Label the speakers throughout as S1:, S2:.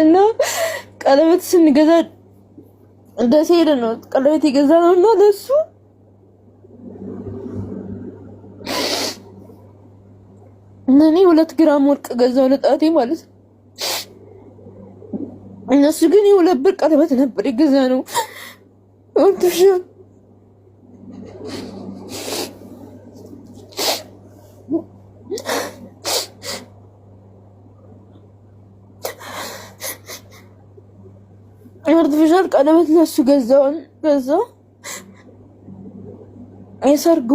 S1: እና ቀለበት ስንገዛ ደስ ሄደ ነው ቀለበት የገዛ ነው እና ለሱ እኔ ሁለት ግራም ወርቅ ገዛው ለጣቴ ማለት ነው። እነሱ ግን የሁለት ብር ቀለበት ነበር የገዛ ነው ወርቶሻል የአርቲፊሻል ቀለበት ለሱ ገዛውን ገዛ። የሰርጉ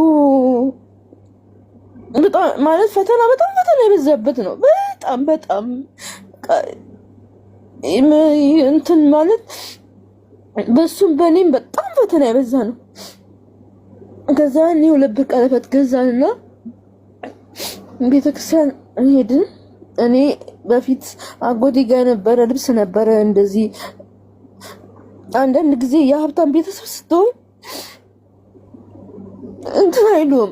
S1: ማለት ፈተና በጣም ፈተና የበዛበት ነው። በጣም በጣም እንትን ማለት በሱም በእኔም በጣም ፈተና የበዛ ነው። ከዛ እኔ ብር ቀለበት ገዛንና ቤተክርስቲያን ሄድን። እኔ በፊት አጎቴ ጋር የነበረ ልብስ ነበረ እንደዚህ። አንዳንድ ጊዜ የሀብታም ቤተሰብ ስትሆን እንትን አይሉም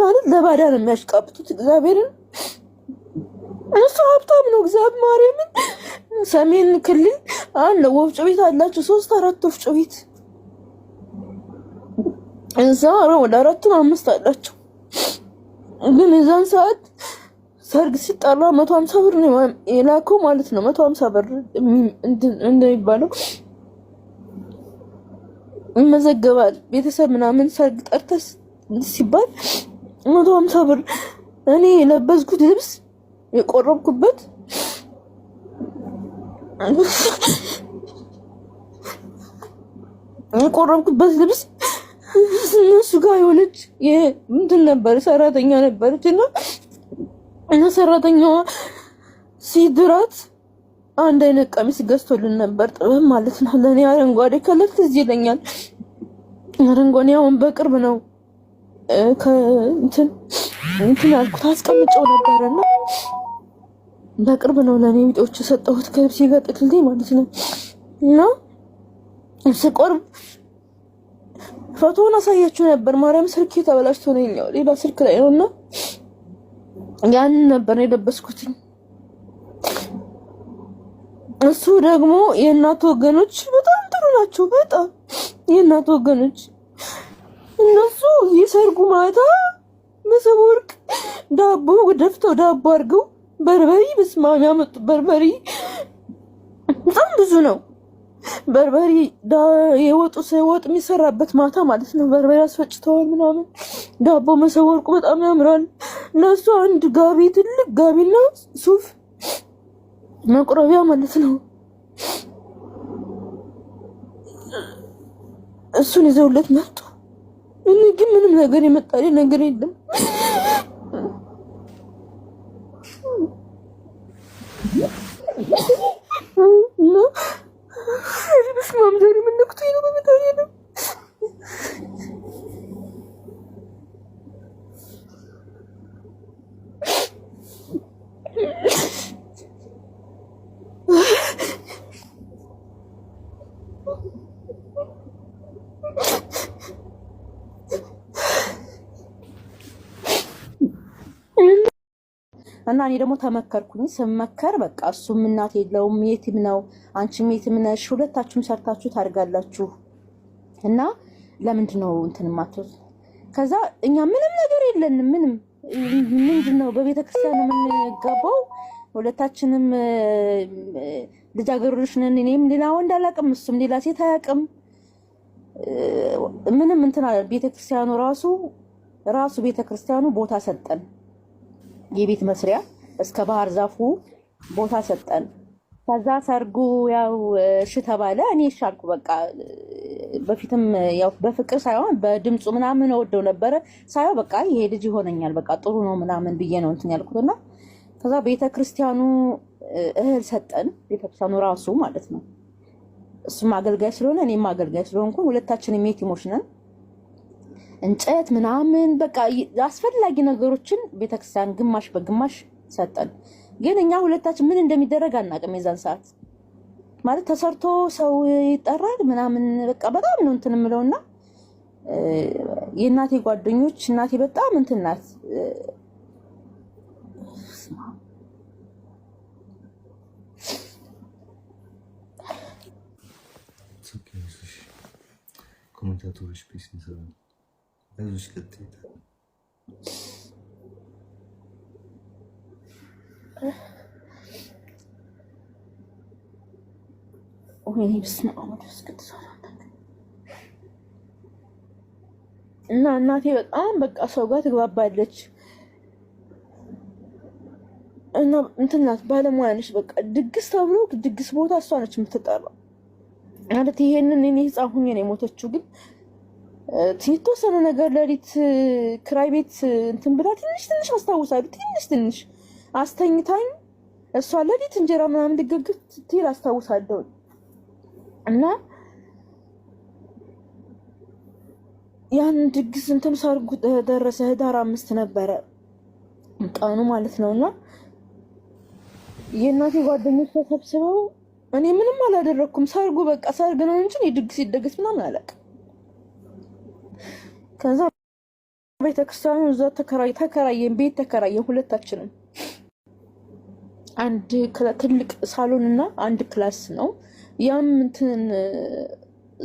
S1: ማለት ለባዳ ነው የሚያሽቃብጡት። እግዚአብሔርን እሱ ሀብታም ነው። እግዚአብሔር ማርያምን ሰሜን ክልል አለ ወፍጮ ቤት አላቸው፣ ሶስት አራት ወፍጮ ቤት እዛ ለአራቱም አምስት አላቸው። ግን ሰዓት ሰርግ ሲጠራ መቶ ሀምሳ ብር ነው የላከው ማለት ነው። መቶ ሀምሳ ብር እንደሚባለው ይመዘገባል። ቤተሰብ ምናምን ሰርግ ጠርተ ሲባል መቶ ሀምሳ ብር እኔ የለበስኩት ልብስ የቆረብኩበት የቆረብኩበት ልብስ እነሱ ጋር የሆነች ምንትን ነበር ሰራተኛ ነበረች እና እና ሰራተኛዋ ሲድራት አንድ አይነት ቀሚስ ገዝቶልን ነበር። ጥበብ ማለት ነው። ለእኔ አረንጓዴ ከለር ትዝ ይለኛል። አረንጓዴ አሁን በቅርብ ነው ከእንትን እንትን ያልኩት አስቀምጨው ነበረና በቅርብ ነው ለእኔ ቢጦች የሰጠሁት ከብሲ ጋር ጥቅልቴ ማለት ነው እና ስቆርብ ፎቶውን አሳያችሁ ነበር። ማርያም ስልክ ተበላሽቶ ነው ያለው፣ ሌላ ስልክ ላይ ነውና ያንን ነበር የለበስኩት። እሱ ደግሞ የእናት ወገኖች በጣም ጥሩ ናቸው። በጣም የእናት ወገኖች እነሱ የሰርጉ ማታ መሶበ ወርቅ ዳቦ ደፍተው ዳቦ አድርገው በርበሪ በስማሚ ያመጡ በርበሪ በጣም ብዙ ነው። በርበሬ የወጡ ወጥ የሚሰራበት ማታ ማለት ነው። በርበሬ አስፈጭተዋል ምናምን ዳቦ መሰብ ወርቁ በጣም ያምራል። እነሱ አንድ ጋቢ ትልቅ ጋቢና ሱፍ መቁረቢያ ማለት ነው። እሱን ይዘውለት መጡ። እኔ ግን ምንም ነገር የመጣልኝ ነገር የለም። እና Mom, እና እኔ ደግሞ ተመከርኩኝ። ስመከር በቃ እሱም እናት የለውም የትም ነው፣ አንቺም የትም ነሽ፣ ሁለታችሁም ሰርታችሁ ታድጋላችሁ እና ለምንድን ነው እንትን ማትወት? ከዛ እኛ ምንም ነገር የለንም ምንም ምንድን ነው በቤተ የምንገባው ሁለታችንም ልጃገረዶች ነን። እኔም ሌላ ወንድ አላውቅም፣ እሱም ሌላ ሴት አያውቅም። ምንም እንትን ቤተክርስቲያኑ ራሱ ራሱ ቤተክርስቲያኑ ቦታ ሰጠን። የቤት መስሪያ እስከ ባህር ዛፉ ቦታ ሰጠን። ከዛ ሰርጉ ያው እሺ ተባለ። እኔ እሺ አልኩ። በቃ በፊትም ያው በፍቅር ሳይሆን በድምፁ ምናምን ወደው ነበረ ሳይሆን በቃ ይሄ ልጅ ይሆነኛል በቃ ጥሩ ነው ምናምን ብዬ ነው እንትን ያልኩትና ከዛ ቤተ ክርስቲያኑ እህል ሰጠን። ቤተ ክርስቲያኑ ራሱ ማለት ነው። እሱም አገልጋይ ስለሆነ እኔም አገልጋይ ስለሆንኩ ሁለታችን ሜት ይሞሽነን እንጨት ምናምን በቃ አስፈላጊ ነገሮችን ቤተክርስቲያን ግማሽ በግማሽ ሰጠን። ግን እኛ ሁለታችን ምን እንደሚደረግ አናውቅም። የዛን ሰዓት ማለት ተሰርቶ ሰው ይጠራል ምናምን በቃ በጣም ነው እንትን የምለውና የእናቴ ጓደኞች እናቴ በጣም እንትን ናት
S2: ኮሜንታቶሮች ፒስ እና
S1: እናቴ በጣም በቃ ሰው ጋር ትግባባለች እና እንትን ባለሙያ ነች። በቃ ድግስ ተብሎ ድግስ ቦታ እሷ ነች የምትጠራው ማለት ይሄንን እኔ ህፃን ሁኜ ነው የሞተችው ግን የተወሰነ ነገር ለሊት ክራይ ቤት እንትን ብላ ትንሽ ትንሽ አስታውሳለሁ። ትንሽ ትንሽ አስተኝታኝ እሷ ለሊት እንጀራ ምናምን ልገግፍ ስትል አስታውሳለሁ። እና ያን ድግስ እንትን ሰርጉ ደረሰ። ህዳር አምስት ነበረ ቀኑ ማለት ነው። እና የእናቴ ጓደኞች ተሰብስበው እኔ ምንም አላደረግኩም። ሰርጉ በቃ ሰርግ ነው እንጂ ድግስ ይደገስ ምናምን አላውቅም። ከዛ ቤተክርስቲያኑ እዛ ተከራየን፣ ቤት ተከራየን ሁለታችንም። አንድ ትልቅ ሳሎን እና አንድ ክላስ ነው። ያም እንትን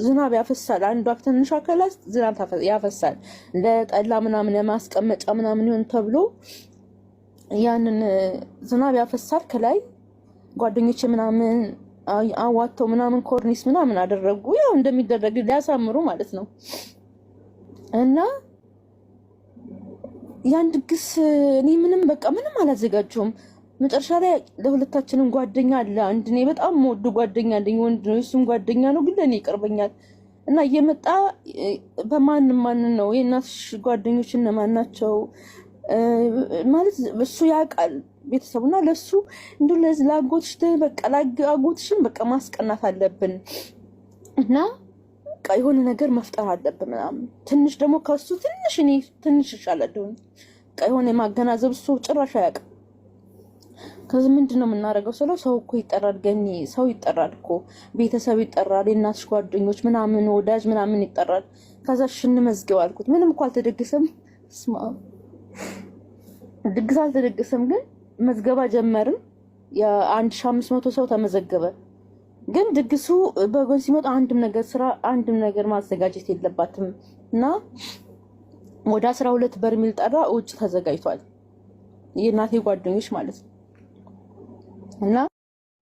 S1: ዝናብ ያፈሳል። አንዷ ትንሿ ክላስ ዝናብ ያፈሳል ለጠላ ምናምን ለማስቀመጫ ምናምን ይሆን ተብሎ ያንን ዝናብ ያፈሳል። ከላይ ጓደኞች ምናምን አዋተው ምናምን ኮርኒስ ምናምን አደረጉ። ያው እንደሚደረግ ሊያሳምሩ ማለት ነው። እና ያን ድግስ እኔ ምንም በቃ ምንም አላዘጋጀውም። መጨረሻ ላይ ለሁለታችንም ጓደኛ አለ አንድ እኔ በጣም ወዱ ጓደኛ አለኝ ወንድ ነው፣ እሱም ጓደኛ ነው፣ ግን ለእኔ ይቀርበኛል እና እየመጣ በማን ማን ነው የእናትሽ ጓደኞች እነማን ናቸው ማለት እሱ ያውቃል ቤተሰቡና ለእሱ እንዲ ለአጎትሽ በቃ ለአጎትሽን በቃ ማስቀናት አለብን እና የሆነ ነገር መፍጠር አለብን ምናምን ትንሽ ደግሞ ከሱ ትንሽ እኔ ትንሽ ይሻላለሁ። በቃ የሆነ የማገናዘብ እሱ ጭራሽ አያውቅም። ከዚህ ምንድን ነው የምናደርገው ስለው ሰው እኮ ይጠራል፣ ገኒ ሰው ይጠራል እኮ ቤተሰብ ይጠራል፣ የእናትሽ ጓደኞች ምናምን ወዳጅ ምናምን ይጠራል። ከዛ ሽንመዝገው አልኩት። ምንም እኮ ስማ ድግስ አልተደግሰም፣ ግን መዝገባ ጀመርን። የአንድ ሺ አምስት መቶ ሰው ተመዘገበ። ግን ድግሱ በጎን ሲመጣ አንድም ነገር ስራ አንድም ነገር ማዘጋጀት የለባትም እና ወደ አስራ ሁለት በርሚል ጠራ ውጭ ተዘጋጅቷል። የእናቴ ጓደኞች ማለት ነው እና